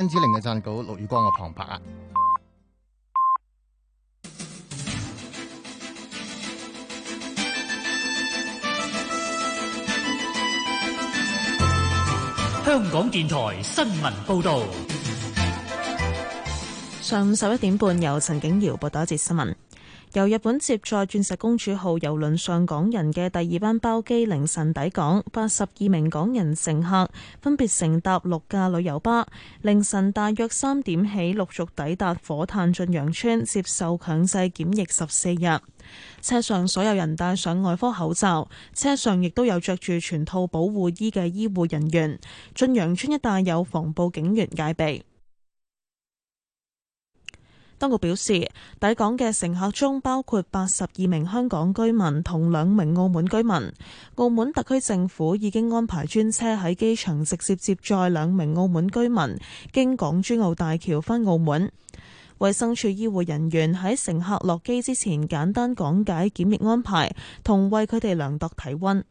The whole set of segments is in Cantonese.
甄子玲嘅撰稿，陸宇光嘅旁白啊！香港電台新聞報道，上午十一點半，由陳景瑤報道一節新聞。由日本接載鑽石公主號郵輪上港人嘅第二班包機凌晨抵港，八十二名港人乘客分別乘搭六架旅遊巴，凌晨大約三點起陸續抵達火炭駿洋邨接受強制檢疫十四日。車上所有人戴上外科口罩，車上亦都有着住全套保護衣嘅醫護人員。駿洋邨一帶有防暴警員戒備。當局表示，抵港嘅乘客中包括八十二名香港居民同兩名澳門居民。澳門特區政府已經安排專車喺機場直接接載兩名澳門居民，經港珠澳大橋返澳門。衛生署醫護人員喺乘客落機之前，簡單講解檢疫安排，同為佢哋量度體溫。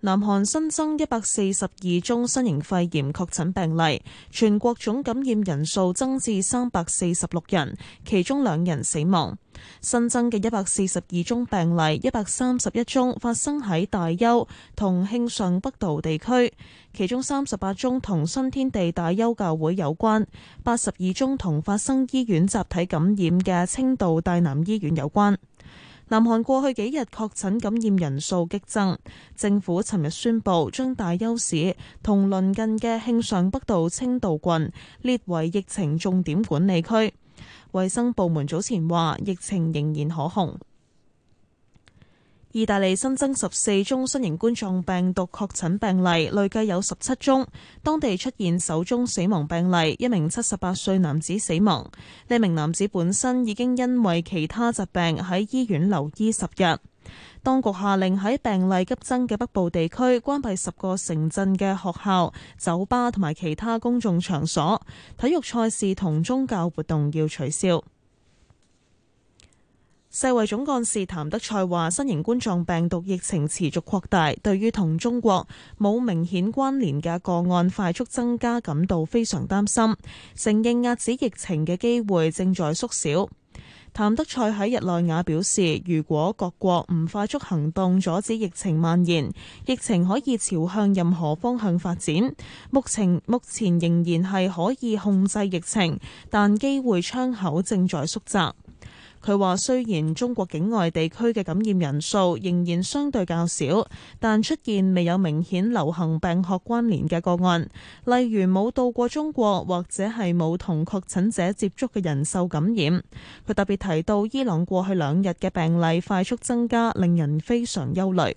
南韓新增一百四十二宗新型肺炎確診病例，全國總感染人數增至三百四十六人，其中兩人死亡。新增嘅一百四十二宗病例，一百三十一宗發生喺大邱同慶尚北道地區，其中三十八宗同新天地大邱教會有關，八十二宗同發生醫院集體感染嘅清道大南醫院有關。南韓過去幾日確診感染人數激增，政府尋日宣布將大邱市同鄰近嘅慶尚北道清道郡列為疫情重點管理區。衛生部門早前話，疫情仍然可控。意大利新增十四宗新型冠狀病毒確診病例，累計有十七宗。當地出現首宗死亡病例，一名七十八歲男子死亡。呢名男子本身已經因為其他疾病喺醫院留醫十日。當局下令喺病例急增嘅北部地區關閉十個城鎮嘅學校、酒吧同埋其他公眾場所，體育賽事同宗教活動要取消。世衛總幹事譚德賽話，新型冠狀病毒疫情持續擴大，對於同中國冇明顯關聯嘅個案快速增加，感到非常擔心，承認遏止疫情嘅機會正在縮小。譚德賽喺日內瓦表示，如果各國唔快速行動阻止疫情蔓延，疫情可以朝向任何方向發展。目前目前仍然係可以控制疫情，但機會窗口正在縮窄。佢話：雖然中國境外地區嘅感染人數仍然相對較少，但出現未有明顯流行病學關聯嘅個案，例如冇到過中國，或者係冇同確診者接觸嘅人受感染。佢特別提到伊朗過去兩日嘅病例快速增加，令人非常憂慮。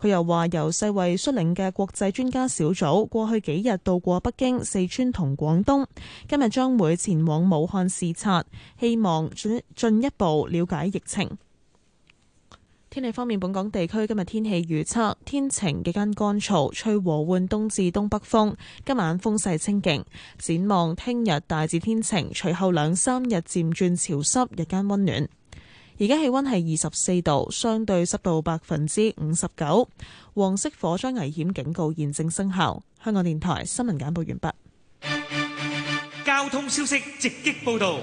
佢又話：由世衛率領嘅國際專家小組，過去幾日到過北京、四川同廣東，今日將會前往武漢視察，希望進進一步了解疫情。天氣方面，本港地區今日天氣預測天晴，幾間乾燥，吹和緩東至東北風，今晚風勢清勁，展望聽日大致天晴，隨後兩三日漸轉潮濕，日間温暖。而家氣温係二十四度，相對濕度百分之五十九。黃色火災危險警告現正生效。香港電台新聞簡報完畢。交通消息直擊報道。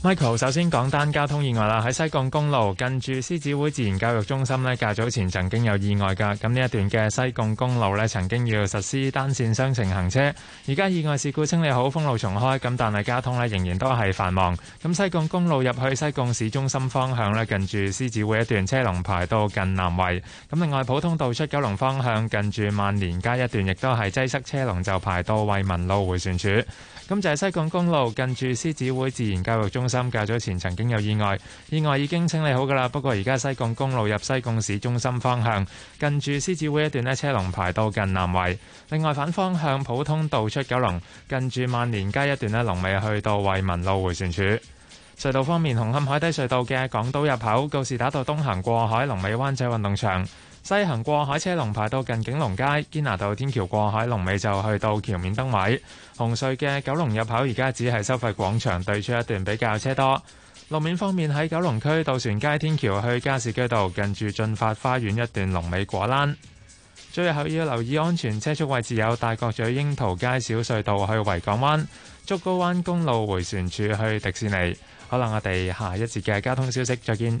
Michael，首先講單交通意外啦，喺西貢公路近住獅子會自然教育中心咧，較早前曾經有意外噶。咁呢一段嘅西貢公路咧，曾經要實施單線雙程行車。而家意外事故清理好，封路重開，咁但係交通咧仍然都係繁忙。咁西貢公路入去西貢市中心方向咧，近住獅子會一段車龍排到近南圍。咁另外普通道出九龍方向近住萬年街一段，亦都係擠塞車龍就排到惠民路迴旋處。咁就係西貢公路近住獅子會自然教育中。深較早前曾經有意外，意外已經清理好噶啦。不過而家西貢公路入西貢市中心方向，近住獅子會一段咧，車龍排到近南圍。另外反方向普通道出九龍，近住萬年街一段咧，龍尾去到惠民路迴旋處。隧道方面，紅磡海底隧道嘅港島入口告士打道東行過海，龍尾灣仔運動場。西行過海車龍排到近景龍街，堅拿道天橋過海龍尾就去到橋面燈位。紅隧嘅九龍入口而家只係收費廣場對出一段比較車多。路面方面喺九龍區渡船街天橋去加士居道近住駿發花園一段龍尾果欄。最後要留意安全車速位置有大角咀櫻桃街小隧道去維港灣、竹篙灣公路迴旋處去迪士尼。可能我哋下一節嘅交通消息再見。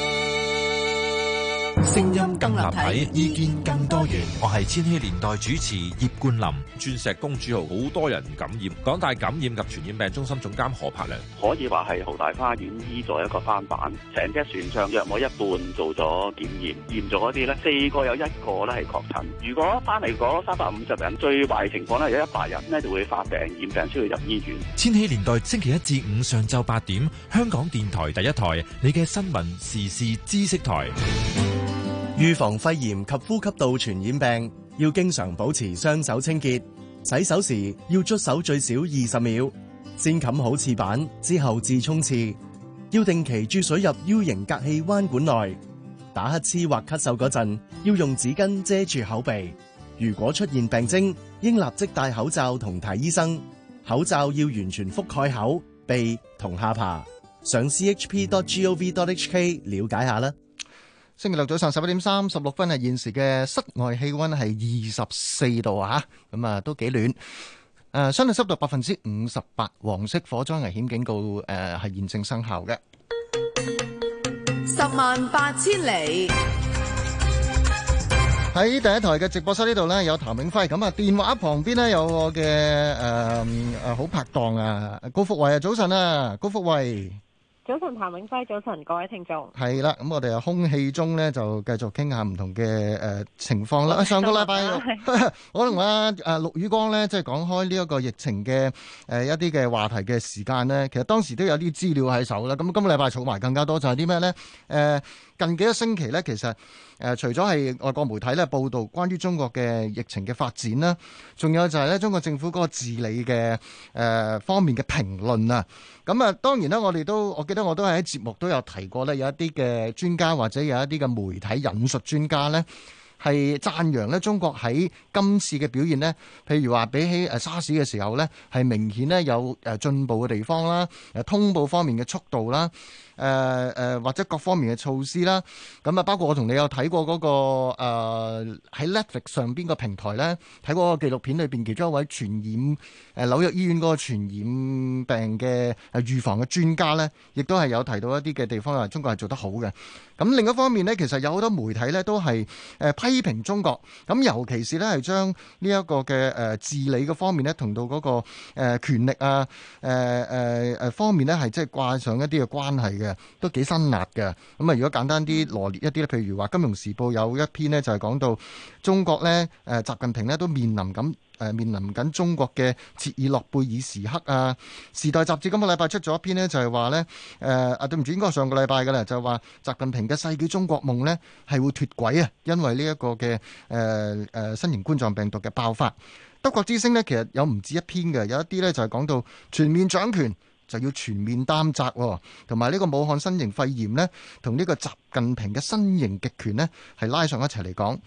聲音更立體，意見更多元。我係千禧年代主持葉冠林。鑽石公主號好多人感染，港大感染及傳染病中心總監何柏良可以話係淘大花園依咗一個翻版，成隻船上約我一半做咗檢驗，檢驗咗啲呢，四個有一個呢係確診。如果翻嚟嗰三百五十人，最壞情況呢，有一百人呢就會發病染病，需要入醫院。千禧年代星期一至五上晝八點，香港電台第一台，你嘅新聞時事知識台。預防肺炎及呼吸道傳染病，要經常保持雙手清潔。洗手時要捽手最少二十秒，先冚好廁板之後至沖廁。要定期注水入 U 型隔氣彎管內。打乞嗤或咳嗽嗰陣，要用紙巾遮住口鼻。如果出現病徵，應立即戴口罩同睇醫生。口罩要完全覆蓋口、鼻同下巴。上 c h p g o v d h k 了解下啦。星期六早上十一點三十六分啊，現時嘅室外氣温係二十四度啊，咁啊都幾暖。誒，相對濕度百分之五十八，黃色火災危險警告誒係現正生效嘅。十萬八千里喺第一台嘅直播室呢度呢，有譚永輝。咁啊，電話旁邊呢有我嘅誒誒好拍檔啊，高福慧啊，早晨啊，高福慧。早晨，譚永輝，早晨，各位聽眾，係啦，咁我哋喺空氣中咧，就繼續傾下唔同嘅，誒、呃、情況啦。上個禮拜我同阿誒陸宇光咧，即係講開呢一個疫情嘅，誒、呃、一啲嘅話題嘅時間咧，其實當時都有啲資料喺手啦。咁今個禮拜儲埋更加多就，就係啲咩咧？誒。近幾個星期咧，其實誒、呃、除咗係外國媒體咧，報導關於中國嘅疫情嘅發展啦，仲有就係咧，中國政府嗰個治理嘅誒、呃、方面嘅評論啊。咁啊，當然啦，我哋都我記得我都係喺節目都有提過咧，有一啲嘅專家或者有一啲嘅媒體引述專家咧。係讚揚咧，中國喺今次嘅表現咧，譬如話比起誒沙士嘅時候咧，係明顯咧有誒進步嘅地方啦，誒通報方面嘅速度啦，誒、呃、誒、呃、或者各方面嘅措施啦，咁啊包括我同你有睇過，個誒喺、呃、Netflix 上邊個平台咧，睇過個紀錄片裏邊其中一位傳染誒紐約醫院個傳染病嘅預防嘅專家咧，亦都係有提到一啲嘅地方啊中國係做得好嘅。咁另一方面咧，其實有好多媒體咧都係誒、呃、批。批評中國，咁尤其是咧係將呢一個嘅誒治理嘅方面咧，同到嗰個誒權力啊，誒誒誒方面咧，係即係掛上一啲嘅關係嘅，都幾辛辣嘅。咁啊，如果簡單啲羅列一啲咧，譬如話《金融時報》有一篇咧，就係講到中國咧，誒習近平咧都面臨咁。誒面臨緊中國嘅切爾諾貝爾時刻啊！時代雜誌今個禮拜出咗一篇呢，就係話呢。誒啊！對唔住，應該上個禮拜嘅啦，就係話習近平嘅世紀中國夢呢係會脫軌啊！因為呢一個嘅誒誒新型冠狀病毒嘅爆發，德國之聲呢其實有唔止一篇嘅，有一啲呢，就係講到全面掌權就要全面擔責啊，同埋呢個武漢新型肺炎呢，同呢個習近平嘅新型極權呢，係拉上一齊嚟講。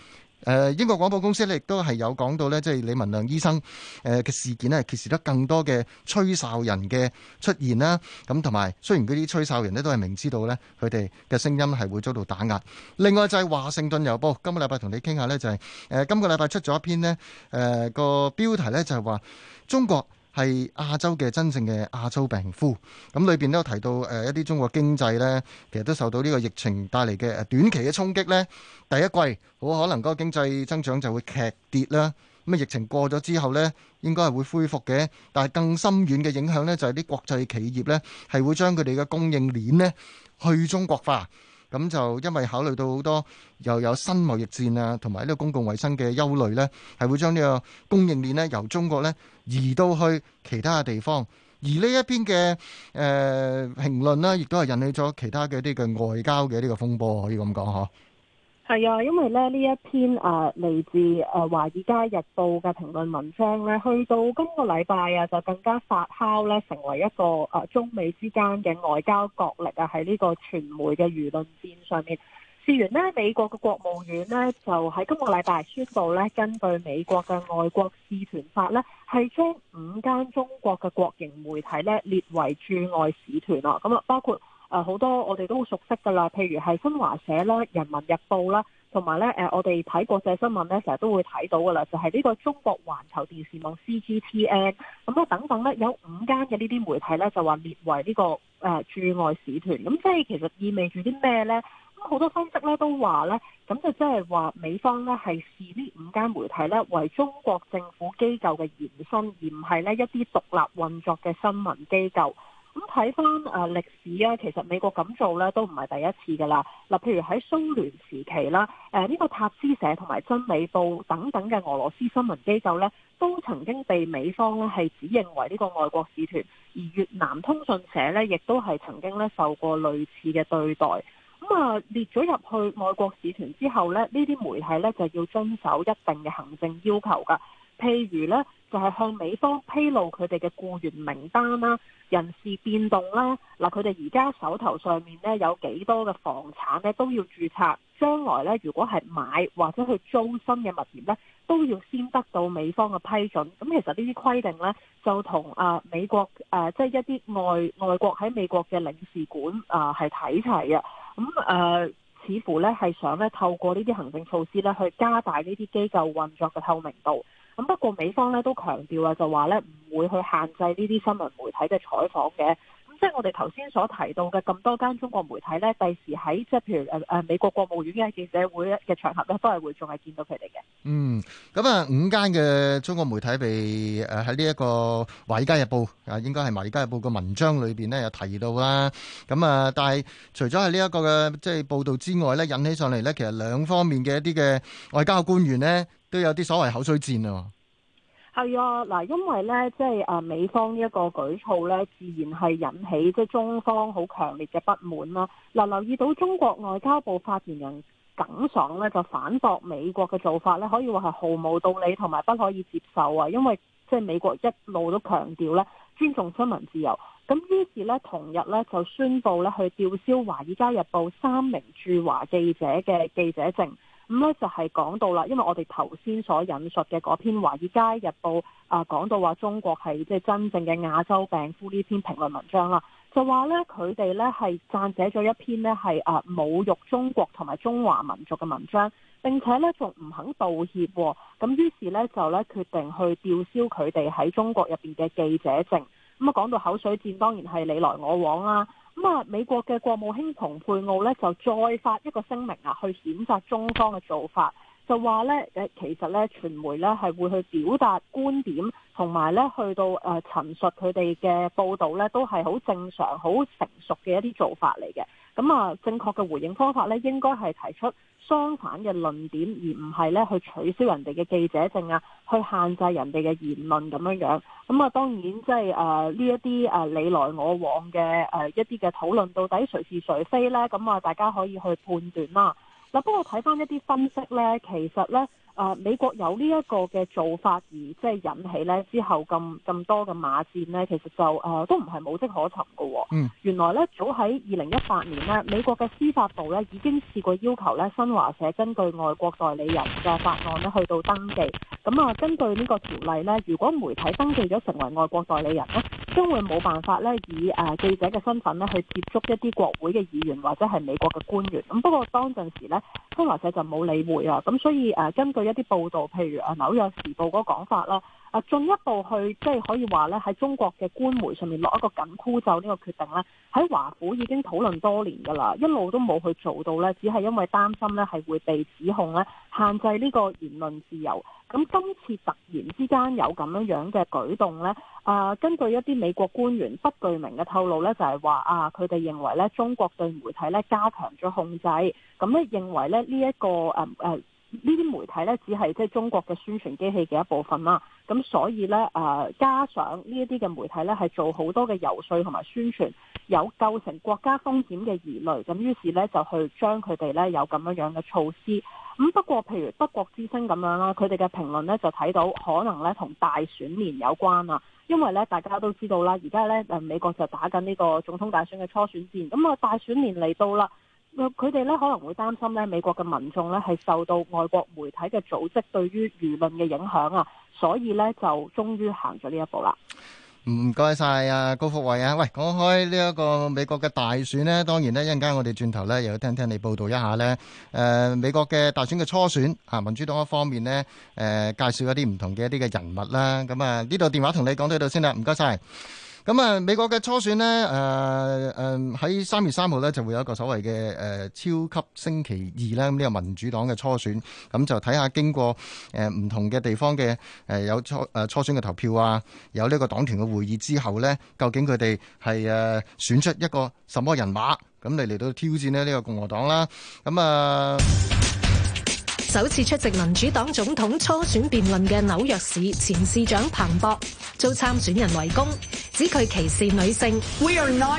誒英國廣播公司咧亦都係有講到咧，即係李文亮醫生誒嘅事件咧，揭示得更多嘅吹哨人嘅出現啦。咁同埋雖然嗰啲吹哨人呢都係明知道咧，佢哋嘅聲音係會遭到打壓。另外就係華盛頓郵報，今個禮拜同你傾下咧，就係誒今個禮拜出咗一篇呢誒、呃、個標題咧就係話中國。係亞洲嘅真正嘅亞洲病夫，咁裏邊都有提到誒、呃、一啲中國經濟呢，其實都受到呢個疫情帶嚟嘅短期嘅衝擊呢。第一季好可能個經濟增長就會劇跌啦。咁疫情過咗之後呢，應該係會恢復嘅，但係更深遠嘅影響呢，就係、是、啲國際企業呢，係會將佢哋嘅供應鏈呢去中國化。咁就因為考慮到好多又有新貿易戰啊，同埋呢個公共衞生嘅憂慮呢，係會將呢個供應鏈呢，由中國呢移到去其他嘅地方，而呢一篇嘅誒評論呢，亦都係引起咗其他嘅一啲嘅外交嘅呢個風波，可以咁講嚇。係啊，因為咧呢一篇誒嚟自誒華爾街日報嘅評論文章咧，去到今個禮拜啊，就更加發酵咧，成為一個誒中美之間嘅外交角力啊，喺呢個傳媒嘅輿論戰上面。事緣呢，美國嘅國務院呢，就喺今個禮拜宣布咧，根據美國嘅外國使團法咧，係將五間中國嘅國營媒體咧列為駐外使團啊，咁啊包括。啊，好多我哋都好熟悉噶啦，譬如係《新華社》啦，《人民日報》啦，同埋咧，誒，我哋睇國際新聞咧，成日都會睇到噶啦，就係呢個中國環球電視網 CGTN，咁啊等等咧，有五間嘅呢啲媒體咧，就話列為呢個誒駐外使團，咁即係其實意味住啲咩咧？咁好多分析咧都話咧，咁就即係話美方咧係視呢五間媒體咧為中國政府機構嘅延伸，而唔係呢一啲獨立運作嘅新聞機構。咁睇翻誒歷史啊，其實美國咁做咧都唔係第一次㗎啦。嗱，譬如喺蘇聯時期啦，誒、這、呢個塔斯社同埋真理報等等嘅俄羅斯新聞機構咧，都曾經被美方咧係指認為呢個外國使團，而越南通訊社咧，亦都係曾經咧受過類似嘅對待。咁、嗯、啊，列咗入去外國使團之後咧，呢啲媒體咧就要遵守一定嘅行政要求㗎。譬如呢，就係向美方披露佢哋嘅雇員名單啦、人事變動啦，嗱佢哋而家手頭上面呢，有幾多嘅房產呢都要註冊，將來呢，如果係買或者去租新嘅物業呢，都要先得到美方嘅批准。咁其實呢啲規定呢，就同啊美國誒即係一啲外外國喺美國嘅領事館啊係睇齊嘅。咁誒似乎呢，係想咧透過呢啲行政措施呢，去加大呢啲機構運作嘅透明度。咁不過美方咧都強調啊，就話咧唔會去限制呢啲新聞媒體嘅採訪嘅。咁即係我哋頭先所提到嘅咁多間中國媒體咧，第時喺即係譬如誒誒美國國務院嘅記者會嘅場合咧，都係會仲係見到佢哋嘅。嗯，咁啊五間嘅中國媒體被誒喺呢一個《華爾街日報》啊，應該係《華爾街日報》嘅文章裏邊咧有提到啦。咁啊，但係除咗喺呢一個嘅即係報導之外咧，引起上嚟咧，其實兩方面嘅一啲嘅外交官員呢。都有啲所謂口水戰啊！係啊，嗱，因為呢，即係啊，美方呢一個舉措呢，自然係引起即係中方好強烈嘅不滿啦。嗱，留意到中國外交部發言人耿爽呢，就反駁美國嘅做法呢，可以話係毫無道理同埋不可以接受啊！因為即係美國一路都強調呢，尊重新聞自由。咁於是呢，同日呢，就宣布呢，去吊銷《華爾街日報》三名駐華記者嘅記者證。咁咧、嗯、就係、是、講到啦，因為我哋頭先所引述嘅嗰篇《華爾街日報》啊，講到話中國係即係真正嘅亞洲病夫呢篇評論文章啦，就話咧佢哋咧係撰寫咗一篇呢係啊侮辱中國同埋中華民族嘅文章，並且咧仲唔肯道歉、啊，咁、啊、於是咧就咧決定去吊銷佢哋喺中國入邊嘅記者證。咁、嗯、啊講到口水戰，當然係你來我往啦、啊。咁啊，美國嘅國務卿蓬佩奧咧就再發一個聲明啊，去譴責中方嘅做法，就話咧誒，其實咧傳媒咧係會去表達觀點，同埋咧去到誒陳述佢哋嘅報導咧都係好正常、好成熟嘅一啲做法嚟嘅。咁啊，正確嘅回應方法咧應該係提出。相反嘅論點，而唔係咧去取消人哋嘅記者證啊，去限制人哋嘅言論咁樣樣。咁啊，當然即係誒呢一啲誒你來我往嘅誒、呃、一啲嘅討論，到底誰是誰非呢？咁啊，大家可以去判斷啦。嗱，不過睇翻一啲分析呢，其實呢。啊、呃哦！ 美國有呢一個嘅做法，而即係引起呢之後咁咁多嘅罵戰呢，其實就誒都唔係無跡可尋㗎喎。原來呢，早喺二零一八年呢，美國嘅司法部呢已經試過要求呢，新華社根據外國代理人嘅法案呢去到登記。咁、嗯、啊，根據呢個條例呢，如果媒體登記咗成為外國代理人呢，都會冇辦法呢以誒、呃、記者嘅身份呢去接觸一啲國會嘅議員或者係美國嘅官員。咁、嗯、不過當陣時呢，新華社就冇理會啊。咁、嗯、所以誒、呃，根據一啲報道，譬如啊，《紐約時報》嗰個講法啦，啊，進一步去即係可以話呢，喺中國嘅官媒上面落一個緊箍咒呢個決定呢，喺華府已經討論多年噶啦，一路都冇去做到呢，只係因為擔心呢係會被指控呢，限制呢個言論自由。咁今次突然之間有咁樣樣嘅舉動呢，啊，根據一啲美國官員不具名嘅透露呢，就係話啊，佢哋認為呢中國對媒體呢加強咗控制，咁呢認為呢呢一個誒誒。呢啲媒體咧，只係即係中國嘅宣傳機器嘅一部分啦。咁所以呢，誒加上呢一啲嘅媒體咧，係做好多嘅游說同埋宣傳，有構成國家風險嘅疑慮。咁於是呢，就去將佢哋呢有咁樣樣嘅措施。咁不過，譬如德國之聲咁樣啦，佢哋嘅評論呢就睇到可能呢同大選年有關啦。因為呢，大家都知道啦，而家呢誒美國就打緊呢個總統大選嘅初選戰，咁啊大選年嚟到啦。佢哋咧可能會擔心咧美國嘅民眾咧係受到外國媒體嘅組織對於輿論嘅影響啊，所以咧就終於行咗呢一步啦。唔該晒啊，高福慧啊，喂，講開呢一個美國嘅大選咧，當然咧一陣間我哋轉頭咧又要聽聽你報導一下咧。誒，美國嘅大選嘅初選啊，民主黨一方面咧誒介紹一啲唔同嘅一啲嘅人物啦。咁啊，呢度電話同你講到呢度先啦，唔該晒。咁啊，美國嘅初選呢，誒誒喺三月三號呢，就會有一個所謂嘅誒超級星期二呢，呢個民主黨嘅初選，咁就睇下經過誒唔同嘅地方嘅誒有初誒初選嘅投票啊，有呢個黨團嘅會議之後呢，究竟佢哋係誒選出一個什麼人馬，咁嚟嚟到挑戰呢呢個共和黨啦，咁啊。首次出席民主黨總統初選辯論嘅紐約市前市長彭博遭參選人圍攻，指佢歧視女性。We are not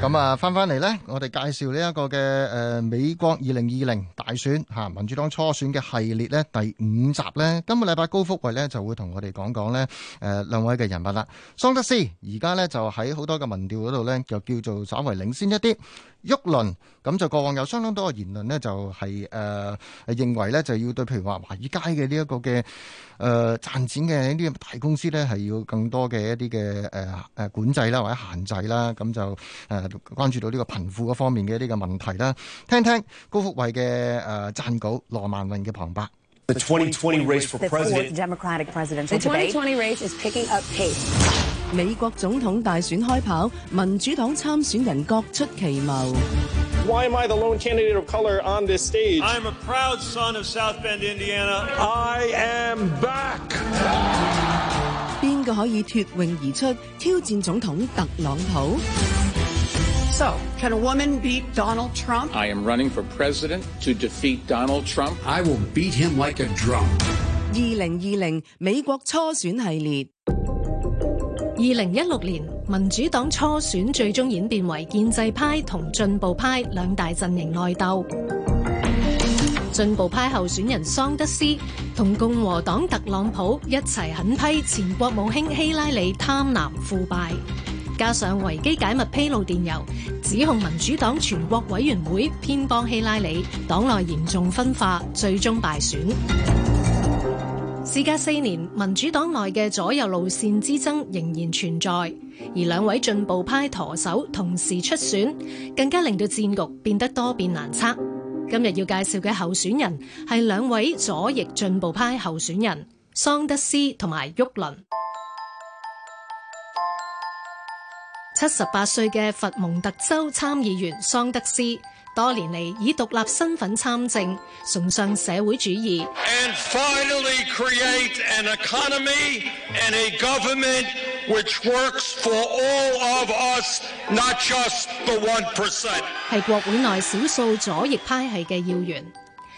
咁啊，返返嚟呢，我哋介紹呢一個嘅誒美國二零二零大選吓，民主黨初選嘅系列呢第五集呢，今個禮拜高福慧呢就會同我哋講講呢誒兩位嘅人物啦，桑德斯而家呢，就喺好多嘅民調嗰度呢，就叫做稍微領先一啲。沃倫咁就過往有相當多嘅言論呢，就係、是、誒、呃、認為呢，就要對譬如話華爾街嘅呢一個嘅誒賺錢嘅呢啲大公司呢，係要更多嘅一啲嘅誒誒管制啦，或者限制啦。咁就誒關注到呢個貧富嗰方面嘅呢個問題啦。聽聽高福慧嘅誒、呃、撰稿，羅曼韻嘅旁白。The .美國總統大選開跑，民主黨參選人各出奇謀。Why am I the lone candidate of color on this stage? I am a proud son of South Bend, Indiana. 邊個 I am back. 可以脫穎而出挑戰總統特朗普？So, can a woman beat Donald Trump? I am running for president to defeat Donald Trump. I will beat him like a drum. 二零二零美國初選系列。二零一六年民主黨初選最終演變為建制派同進步派兩大陣營內鬥。進步派候選人桑德斯同共和黨特朗普一齊狠批前國務卿希拉里貪婪腐敗，加上維基解密披露電郵，指控民主黨全國委員會偏幫希拉里，黨內嚴重分化，最終敗選。事隔四年，民主黨內嘅左右路線之爭仍然存在，而兩位進步派舵手同時出選，更加令到戰局變得多變難測。今日要介紹嘅候選人係兩位左翼進步派候選人桑德斯同埋沃倫。七十八歲嘅佛蒙特州參議員桑德斯。多年嚟以獨立身份參政，崇尚社會主義，係國會內少數左翼派系嘅要員。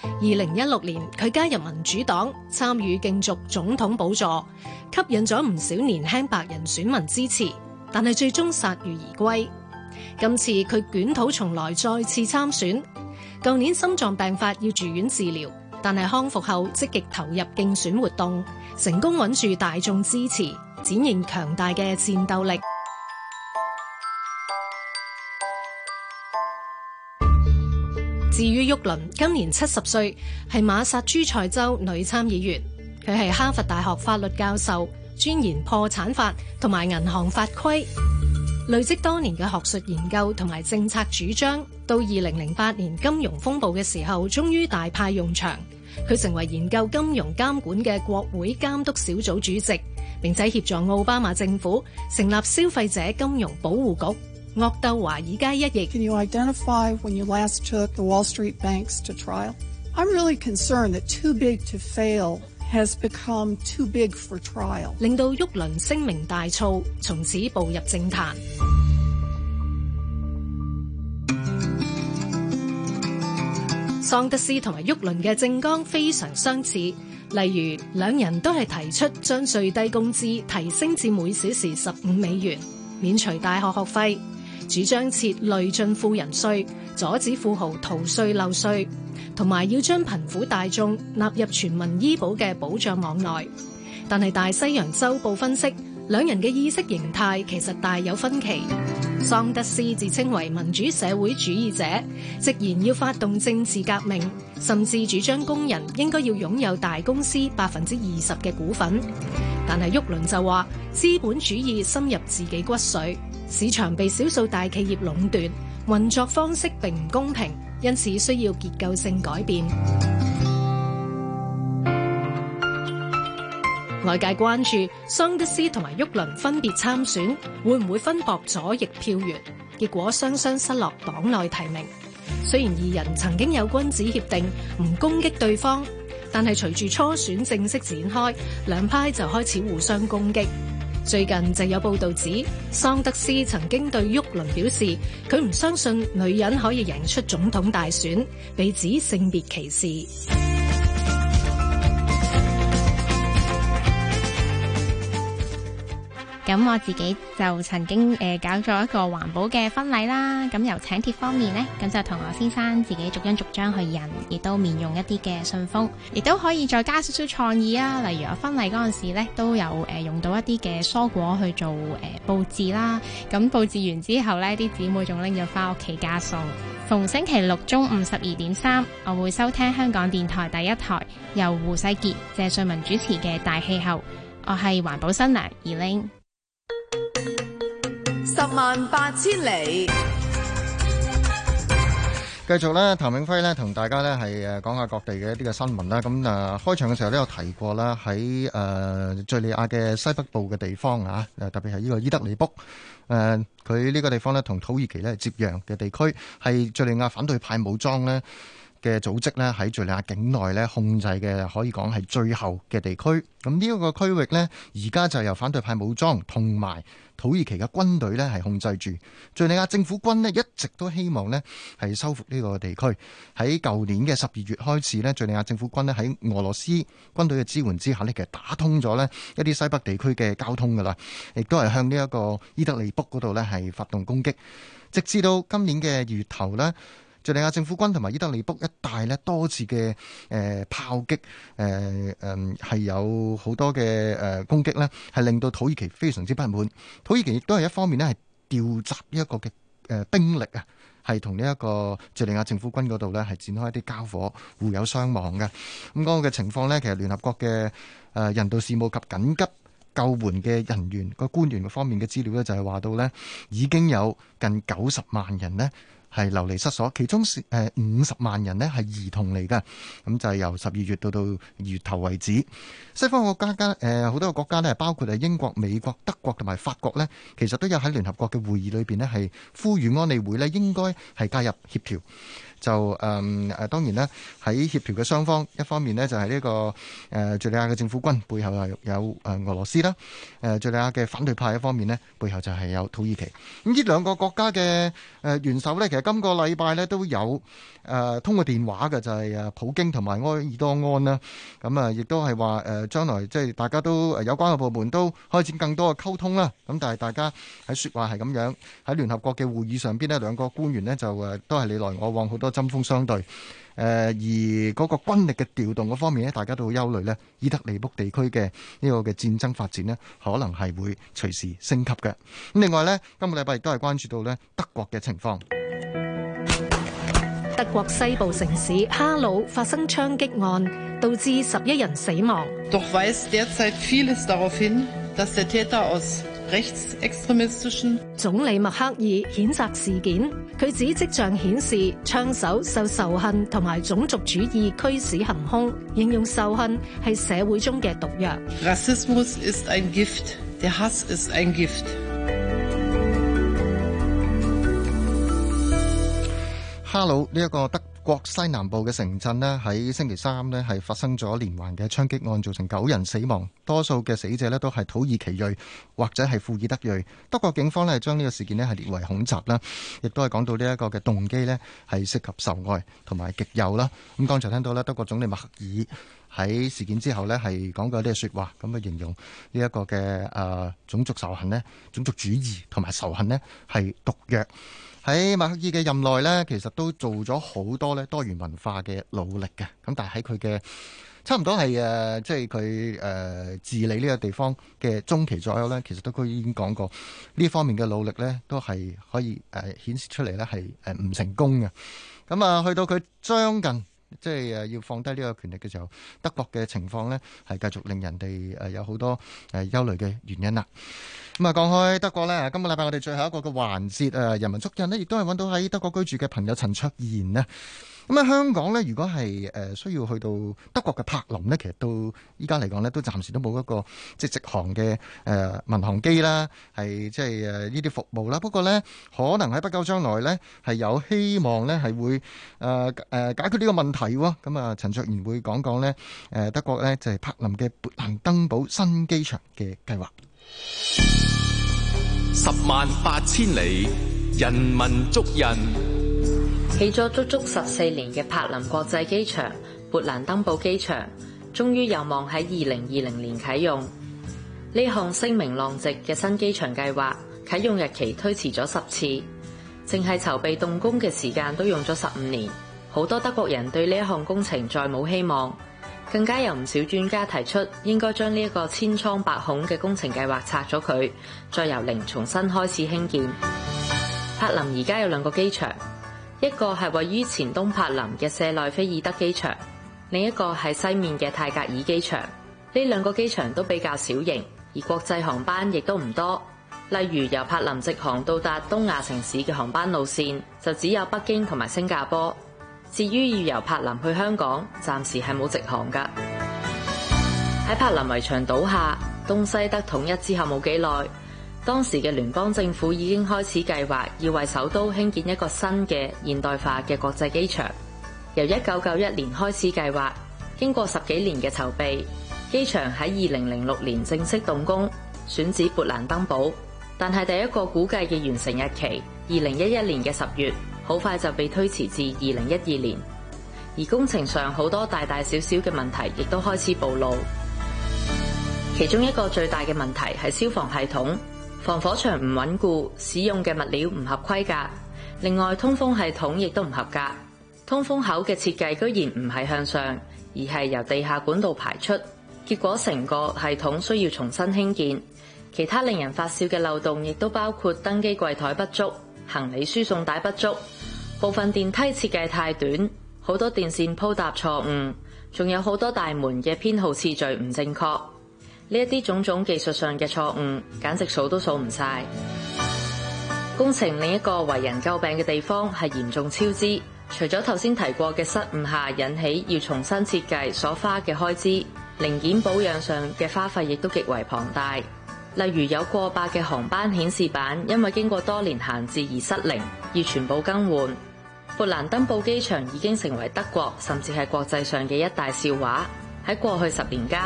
二零一六年，佢加入民主黨，參與競逐總統寶座，吸引咗唔少年輕白人選民支持，但係最終鎩羽而歸。今次佢捲土重來，再次參選。舊年心臟病發要住院治療，但係康復後積極投入競選活動，成功穩住大眾支持，展現強大嘅戰鬥力。 至於沃倫，今年七十歲，係馬薩諸塞州女參議員。佢係哈佛大學法律教授，專研破產法同埋銀行法規。累積多年嘅學術研究同埋政策主張，到二零零八年金融風暴嘅時候，終於大派用場。佢成為研究金融監管嘅國會監督小組主席，並且協助奧巴馬政府成立消費者金融保護局。惡鬥華爾街一役。Can you identify when you last took the Wall Street banks to trial? I'm really concerned that too big to fail. Has become too big for trial. 令到沃倫聲名大噪，從此步入政壇。桑德斯同埋沃倫嘅政綱非常相似，例如兩人都係提出將最低工資提升至每小時十五美元，免除大學學費。主張設累進富人稅,阻止富豪逃稅漏稅,同埋要將貧苦大眾納入全民醫保嘅保障網內。但係,大西洋週報分析兩人嘅意識形態其實大有分歧。桑德斯自稱為民主社會主義者,直言要發動政治革命,甚至主張工人應該要擁有大公司百分之二十嘅股份。但係,沃倫就話,資本主義深入自己骨髓。市場被少數大企業壟斷，運作方式並唔公平，因此需要結構性改變。外 界關注桑德斯同埋沃倫分別參選，會唔會分薄左翼票源？結果雙雙失落黨內提名。雖然二人曾經有君子協定，唔攻擊對方，但係隨住初選正式展開，兩派就開始互相攻擊。最近就有報導指，桑德斯曾經對沃倫表示，佢唔相信女人可以贏出總統大選，被指性別歧視。咁我自己就曾經誒、呃、搞咗一個環保嘅婚禮啦。咁、呃、由請帖方面呢，咁、呃、就同我先生自己逐張逐張去印，亦都免用一啲嘅信封，亦都可以再加少少創意啊。例如我婚禮嗰陣時咧，都有誒、呃、用到一啲嘅蔬果去做誒、呃、佈置啦。咁、呃、佈置完之後呢，啲姊妹仲拎咗返屋企加餸。逢星期六中午十二點三，我會收聽香港電台第一台由胡世傑、謝瑞文主持嘅《大氣候》。我係環保新娘二 l 十萬八千里，繼續咧，譚永輝咧同大家咧係誒講下各地嘅一啲嘅新聞啦。咁啊，開場嘅時候都有提過啦，喺誒敍利亞嘅西北部嘅地方啊，特別係呢個伊德里卜誒，佢、呃、呢個地方呢，同土耳其咧接壤嘅地區，係敍利亞反對派武裝呢嘅組織呢喺敍利亞境內呢，控制嘅，可以講係最後嘅地區。咁呢一個區域呢，而家就由反對派武裝同埋，土耳其嘅軍隊呢，係控制住。敍利亞政府軍呢，一直都希望呢係收復呢個地區。喺舊年嘅十二月開始呢，敍利亞政府軍呢，喺俄羅斯軍隊嘅支援之下呢，其實打通咗呢一啲西北地區嘅交通噶啦，亦都係向呢一個伊德利卜嗰度呢係發動攻擊，直至到今年嘅二月頭呢。敘利亞政府軍同埋伊德利卜一帶咧，多次嘅誒炮擊、誒誒係有好多嘅誒攻擊呢係令到土耳其非常之不滿。土耳其亦都係一方面咧，係調集呢一個嘅誒、呃、兵力啊，係同呢一個敘利亞政府軍嗰度呢係展開一啲交火，互有傷亡嘅。咁、嗯、嗰、個嘅情況呢，其實聯合國嘅誒、呃、人道事務及緊急救援嘅人員、個官員方面嘅資料呢，就係、是、話到呢已經有近九十萬人呢。係流離失所，其中是誒五十萬人咧係兒童嚟㗎，咁就係由十二月到到月頭為止。西方國家家誒好多個國家咧，包括係英國、美國、德國同埋法國呢，其實都有喺聯合國嘅會議裏邊呢，係呼籲安理會呢，應該係加入協調。就誒誒、嗯、當然咧，喺協調嘅雙方，一方面咧就係呢、這個誒敘、呃、利亞嘅政府軍背後啊有誒俄羅斯啦，誒、呃、敘利亞嘅反對派一方面咧背後就係有土耳其。咁、嗯、呢兩個國家嘅誒、呃、元首咧，其實今個禮拜咧都有誒、呃、通過電話嘅，就係、是、誒普京同埋埃爾多安啦。咁、嗯、啊，亦、嗯、都係話誒將來即係大家都有關嘅部門都開展更多嘅溝通啦。咁、嗯、但係大家喺說話係咁樣，喺聯合國嘅會議上邊咧，兩個官員咧就誒都係你來我往好多。針鋒相對，誒、呃，而嗰個軍力嘅調動嗰方面咧，大家都好憂慮呢，伊德利卜地區嘅呢個嘅戰爭發展呢，可能係會隨時升級嘅。咁另外呢，今個禮拜亦都係關注到呢德國嘅情況，德國西部城市哈瑙發生槍擊案，導致十一人死亡。總理默克爾譴責事件，佢指跡象顯示槍手受仇恨同埋種族主義驅使行兇，形容仇恨係社會中嘅毒藥。Hello，呢個國西南部嘅城鎮咧，喺星期三咧，係發生咗連環嘅槍擊案，造成九人死亡，多數嘅死者咧都係土耳其裔或者係庫爾德裔。德國警方咧係將呢個事件咧係列為恐襲啦，亦都係講到呢一個嘅動機咧係涉及仇外同埋極右啦。咁剛才聽到咧，德國總理默克爾喺事件之後咧係講過啲説話，咁嘅形容呢一個嘅誒種族仇恨咧、種族主義同埋仇恨咧係毒藥。喺默克爾嘅任內呢，其實都做咗好多呢多元文化嘅努力嘅。咁但係喺佢嘅差唔多係誒，即係佢誒治理呢個地方嘅中期左右呢，其實都已經講過呢方面嘅努力呢都係可以誒顯、呃、示出嚟呢係誒唔成功嘅。咁、嗯、啊，去到佢將近。即係誒，要放低呢個權力嘅時候，德國嘅情況呢係繼續令人哋誒、呃、有好多誒憂慮嘅原因啦。咁啊，講開德國呢，今個禮拜我哋最後一個嘅環節誒、啊，人文足印呢亦都係揾到喺德國居住嘅朋友陳卓妍呢。啊咁啊，香港咧，如果係誒需要去到德國嘅柏林咧，其實到依家嚟講咧，都暫時都冇一個即係直航嘅誒民航機啦，係即係誒呢啲服務啦。不過咧，可能喺不久將來咧，係有希望咧係會誒誒解決呢個問題喎。咁啊，陳卓妍會講講咧誒德國咧就係柏林嘅勃蘭登堡新機場嘅計劃。十萬八千里，人文足印。起咗足足十四年嘅柏林國際機場勃蘭登堡機場，終於有望喺二零二零年啟用。呢項聲名狼藉嘅新機場計劃啟用日期推遲咗十次，淨係籌備動工嘅時間都用咗十五年。好多德國人對呢一項工程再冇希望，更加有唔少專家提出應該將呢一個千瘡百孔嘅工程計劃拆咗佢，再由零重新開始興建。柏林而家有兩個機場。一個係位於前東柏林嘅舍內菲爾德機場，另一個係西面嘅泰格爾機場。呢兩個機場都比較小型，而國際航班亦都唔多。例如由柏林直航到達東亞城市嘅航班路線，就只有北京同埋新加坡。至於要由柏林去香港，暫時係冇直航㗎。喺柏林圍牆倒下、東西德統一之後冇幾耐。當時嘅聯邦政府已經開始計劃，要為首都興建一個新嘅現代化嘅國際機場。由一九九一年開始計劃，經過十幾年嘅籌備，機場喺二零零六年正式動工，選址勃蘭登堡。但係第一個估計嘅完成日期，二零一一年嘅十月，好快就被推遲至二零一二年。而工程上好多大大小小嘅問題，亦都開始暴露。其中一個最大嘅問題係消防系統。防火牆唔穩固，使用嘅物料唔合規格，另外，通風系統亦都唔合格，通風口嘅設計居然唔係向上，而係由地下管道排出。結果成個系統需要重新興建。其他令人發笑嘅漏洞，亦都包括登機櫃台不足、行李輸送帶不足、部分電梯設計太短、好多電線鋪搭錯誤，仲有好多大門嘅編號次序唔正確。呢一啲種種技術上嘅錯誤，簡直數都數唔晒。工程另一個為人詬病嘅地方係嚴重超支，除咗頭先提過嘅失誤下引起要重新設計所花嘅開支，零件保養上嘅花費亦都極為龐大。例如有過百嘅航班顯示板因為經過多年閒置而失靈，要全部更換。勃蘭登堡機場已經成為德國甚至係國際上嘅一大笑話。喺過去十年間，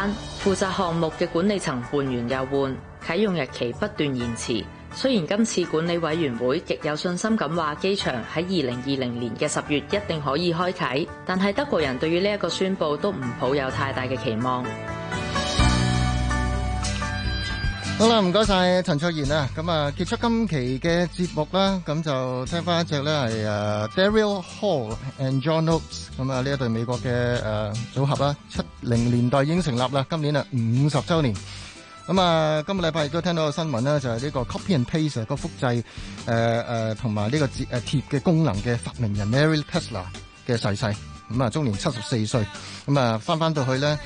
負責項目嘅管理層換完又換，啟用日期不斷延遲。雖然今次管理委員會極有信心咁話，機場喺二零二零年嘅十月一定可以開啟，但係德國人對於呢一個宣佈都唔抱有太大嘅期望。好啦，唔該晒陳卓妍啊，咁啊，結束今期嘅節目啦，咁就聽翻一隻咧，係誒 Daryl Hall and John Oates，咁啊呢一對美國嘅誒組合啦，七零年代已經成立啦，今年啊五十周年。咁啊，今個禮拜亦都聽到個新聞咧，就係呢個 copy and paste 個複製誒誒同埋呢個字誒貼嘅功能嘅發明人 Mary Tesla 嘅逝世，咁啊終年七十四歲，咁啊翻翻到去咧。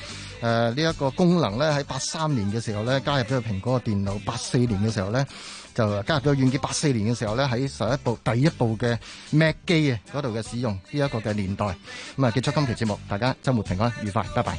誒呢一個功能咧，喺八三年嘅時候咧加入咗蘋果嘅電腦，八四年嘅時候咧就加入咗軟件，八四年嘅時候咧喺上一部第一部嘅 Mac 機啊嗰度嘅使用呢一個嘅年代。咁啊結束今期節目，大家週末平安愉快，拜拜。